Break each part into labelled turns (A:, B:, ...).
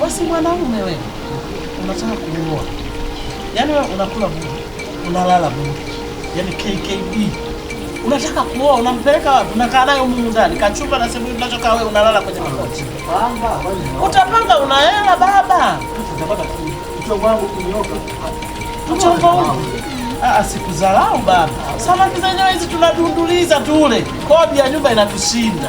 A: Basi mwanaume wewe unataka kuoa, yaani wewe unakula bure, unalala bure, yaani KKB unataka kuoa, unampeleka wapi? Unakaa naye humu ndani kachumba na sehemu unachokaa wewe, unalala kwenye makochi. Utapanga, una hela baba, mchongo ah, ah, siku zalau baba. Samaki zenyewe hizi tunadunduliza tule, kodi ya nyumba inatushinda.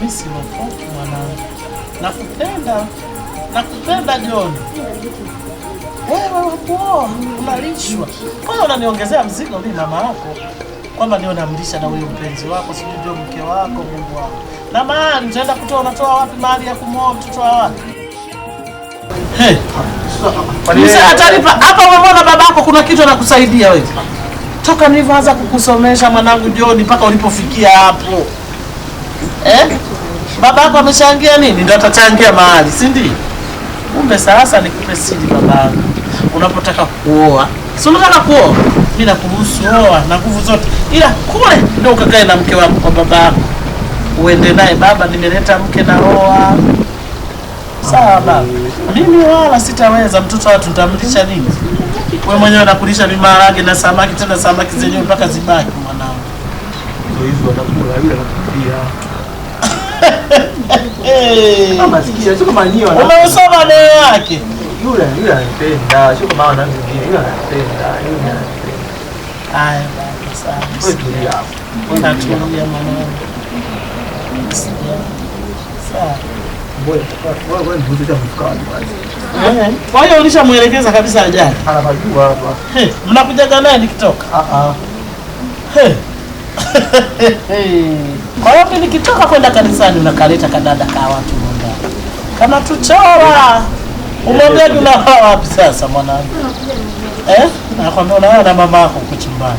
A: mimi si mwanangu, nakupenda nakupenda John. Wewe unalishwa, unaniongezea mzigo mimi mama yako, kwamba ndio namlisha na wewe mpenzi wako, sijui ndio mke wako, Mungu wako na mahali nitaenda kutoa, unatoa wapi mali ya kumwoa mtoto wa watu? Hey, atanipa hapa. Umemwona babako, kuna kitu anakusaidia wewe toka nilivyoanza kukusomesha mwanangu joni mpaka ulipofikia hapo eh? yako amechangia nini? Ndio atachangia mahali, si ndio? Kumbe sasa nikupe siri baba, unapotaka kuoa sulukana kuoa, mimi nakuruhusu oa na nguvu zote, ila kule ndio ukakae na mke wako kwa babako, uende naye, baba, nimeleta mke na oa Sawa baba, mimi wala sitaweza, mtoto watu nitamlisha nini? Wewe mwenyewe unakulisha mimi maharage na samaki, tena samaki zenyewe mpaka zibaki mwanao hizi wanakula yule anakupigia kama sio kama nyewe umesoma neno yake yule yule anapenda, sio kama wana mzingine yule anapenda yule Haya bwana, sawa, wewe tulia mama wangu, sawa eh, kwa hiyo ulishamwelekeza kabisa ajali, anajua Mnakujaga naye nikitoka ah, ah. Kwa hiyo nikitoka kwenda kanisani unakaleta kadada ka watu munda kama tuchora umwambiaji unawa wapi sasa mwanangu eh? Nakwambia unawa na mama yako kuchimbani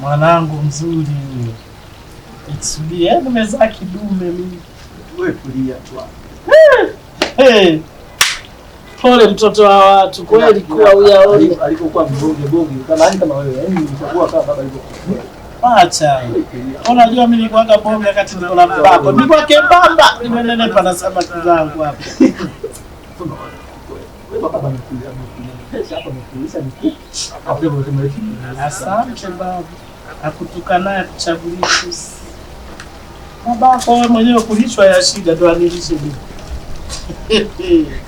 A: mwanangu mzuri itulie, eh, nimezaa kidume mimi. Wewe kulia tu. Eh, eh. Pole mtoto wa watu kweli, kuwa uyaone alikokuwa mbogi bogi kama kama wewe, yani nitakuwa kama baba alivyokuwa. Acha unajua, mimi nilikuwa bogi wakati naona babako nilikuwa kebamba, nimenenepa na samaki zangu hapa. Asante baba, akutukanaye kuchagulia kusi babako wewe mwenyewe kulishwa ya shida, ndo anirishe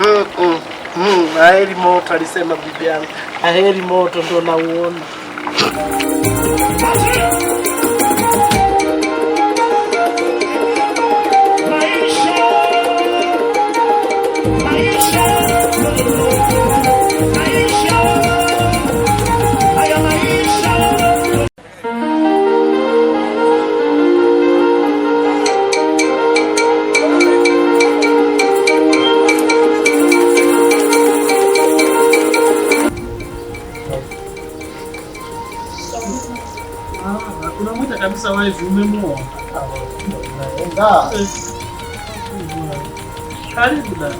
A: mm -mm. aheri moto, alisema bibi yangu, aheri moto ndo nauona mwezi umemwona, karibu na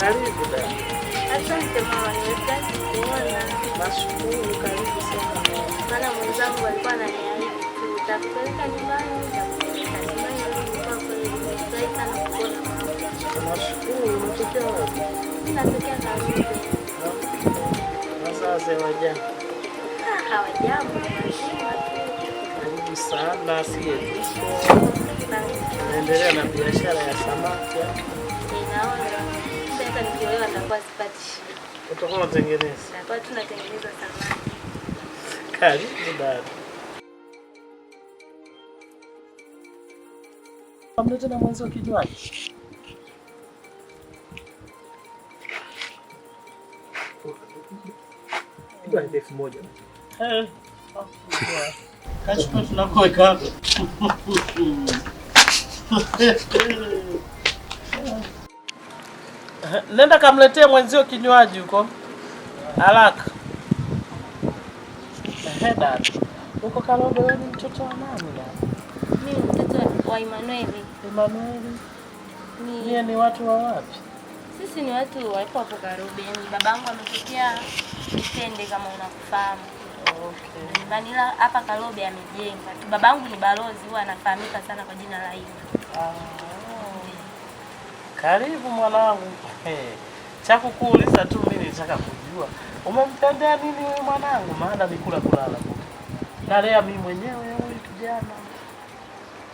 A: Karibu dada. Asante mama, nimefurahi kukuona. Nashukuru, karibu sana. Maana mwenzangu alikuwa ananiambia utakupeleka nyumbani, utakupeleka Karibu. sana, siye tuko naendelea na biashara ya samaki. Ninaona leo atakuwa sipati shida. Utakuwa unatengeneza. Tutakuwa tunatengeneza samaki. Karibu dada. Amna tena mwanzi wa kinywaji. Kinywaji eh. tunakoweka hapo. Nenda kamletee mwenzio kinywaji huko haraka. huko uko Karobe, ni mtoto wa nani Mimi mtoto wa Emanueli. Emanueli ni ni watu wa wapi? Sisi ni watu waliko hapo Karobe, babangu ametokea Mtende kama unakufahamu. Okay. Vanila hapa Karobe amejenga tu. Babangu ni balozi, huwa anafahamika sana kwa jina la hilo. Ah. Karibu mwanangu. Cha kukuuliza tu mimi nitaka kujua umemtendea nini huyu mwanangu, maana nikula kulala nalea mimi mwenyewe huyu kijana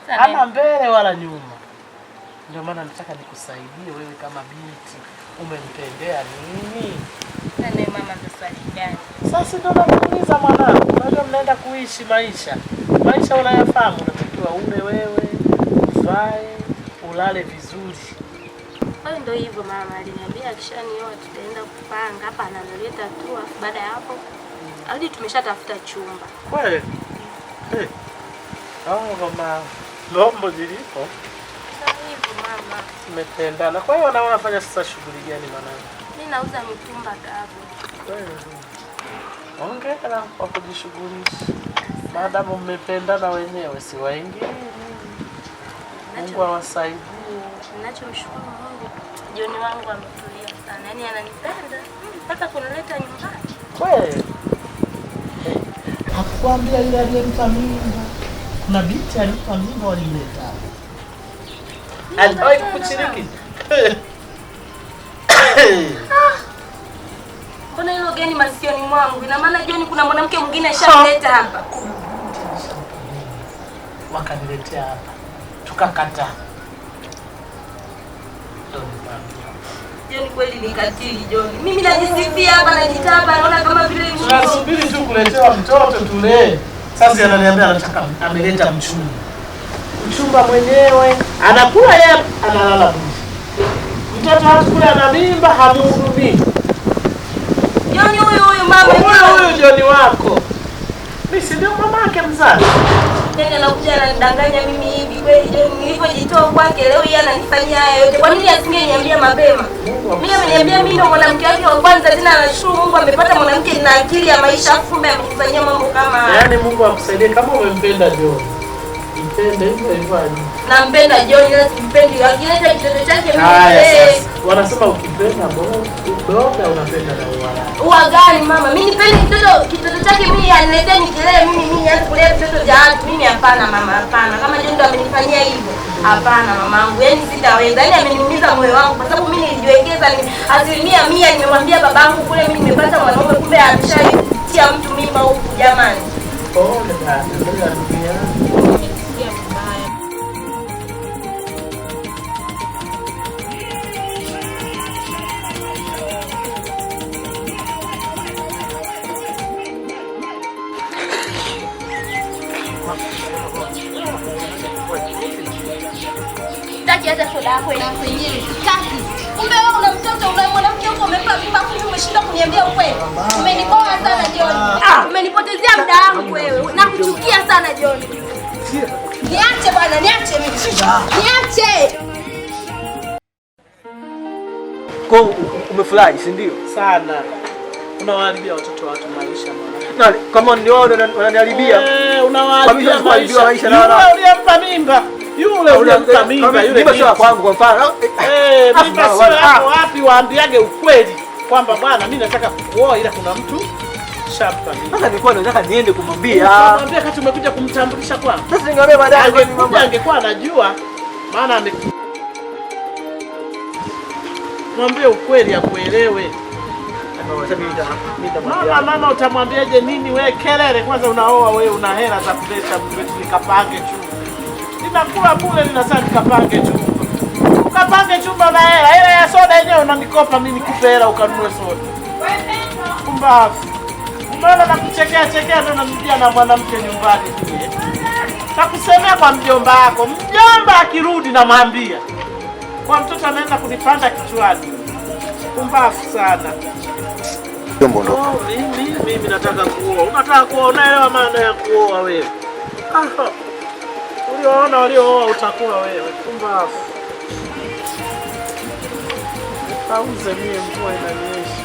A: hana mbele wala nyuma, ndio maana nataka nikusaidie wewe kama binti, umemtendea nini? Mama, sasa ndio nakuuliza mwanangu, unajua mnaenda kuishi maisha, maisha unayafahamu, unatakiwa ule wewe uvae, ulale vizuri kwa hiyo ndio hivyo, mama aliniambia akishanioa tutaenda kupanga hapa, ananileta tu, afu baada ya hapo hadi tumeshatafuta chumba kweli. Hey, eh. mama lombo zilipo hivyo mama, tumetendana. Kwa hiyo na unafanya sasa shughuli gani mwanangu? Mimi nauza mitumba kapo. Kweli, ongea kwa kujishughulisha, maadamu mmependana wenyewe, si waingie. Mungu awasaidie. Mm, ninachomshukuru Mungu, Joni wangu ametulia sana, yaani ananipenda mm, mpaka kunileta nyumbani. Kweli hakukwambia yule aliyempa mimba? Kuna binti alimpa mimba, walimleta aliwahi ah, Mbona hilo geni masikioni mwangu? Ina maana kuna mwanamke mwingine ashaleta hapa, wakaniletea hapa tukakataa. Yaani Tunasubiri tu kuletewa mtoto tule Sasa ananiambia anataka ameleta mchumba, mchumba mwenyewe anakula yeye, analala mtoto hatukule, ana mimba, yaani huyu Joni wako, mi si ndio mamake mzazi, yaani mimi nilivyojitoa kwake, leo yeye ananifanyia haya yote. Kwa nini asingeniambia mapema? Mimi ameniambia mimi ndo mwanamke wake wa kwanza, tena nashukuru Mungu amepata mwanamke na akili ya maisha, kumbe amenifanyia mambo kama haya. Yaani Mungu amsaidie kama umempenda John nampenda hivyo hivyo, nampenda John, ila simpendi akienda kitendo chake. Wanasema ukipenda boga unapenda na uwa uwa gani? Mama mimi nipende kitoto kitendo chake mimi, aniletee nikilee mimi, mimi nianze kulea vitoto vya watu mimi? Hapana mama, hapana. Kama John ndo amenifanyia hivyo, hapana mamangu, yani sitaweza. yani ameniumiza moyo wangu, kwa sababu mimi nilijiwekeza asilimia mia. Nimemwambia babangu kule, mimi nimepata mwanaume, kumbe ameshaitia mtu mimba huku. Jamani, pole sana dunia jaza soda yako si ndio? Sana. Unawaambia watoto watu maisha mwana. Kama ni wao wananiharibia. Eh, unawaambia maisha. Mimi niliyempa mimba yule unampa mimba yule, mimba sio kwangu. Kwa mfano eh, mimba eh, eh, sio yako. Wapi waambiage ukweli kwamba bwana, mimi nataka kuoa, ila kuna mtu shapa mimi. Sasa nilikuwa nataka niende kumwambia, kumwambia kati umekuja kumtambulisha kwangu. Sasa ningeambia baadaye, yaani angekuwa anajua maana ame mwambie ukweli akuelewe. Mama, mama utamwambiaje nini? We kelele kwanza, unaoa we, una hela za kuleta mtu, nikapange chumba tunakula kule, ninasema tukapange chumba, tukapange chumba na hela, hela ya soda yenyewe unanikopa mimi, kupe hela ukanunue soda. Pumbavu, mbona nakuchekea chekea ndo na mwanamke nyumbani Nakusemea kwa mjomba wako, mjomba akirudi namwambia kwa mtoto anaenda kunipanda kichwani. kumbafu sana. Oh, mimi nataka kuoa. Unataka kuoa, unaelewa maana ya kuoa wewe? Ah, oh ulioona waliooa utakuwa wewe. Kumbe auze mie, mvua inanyesha.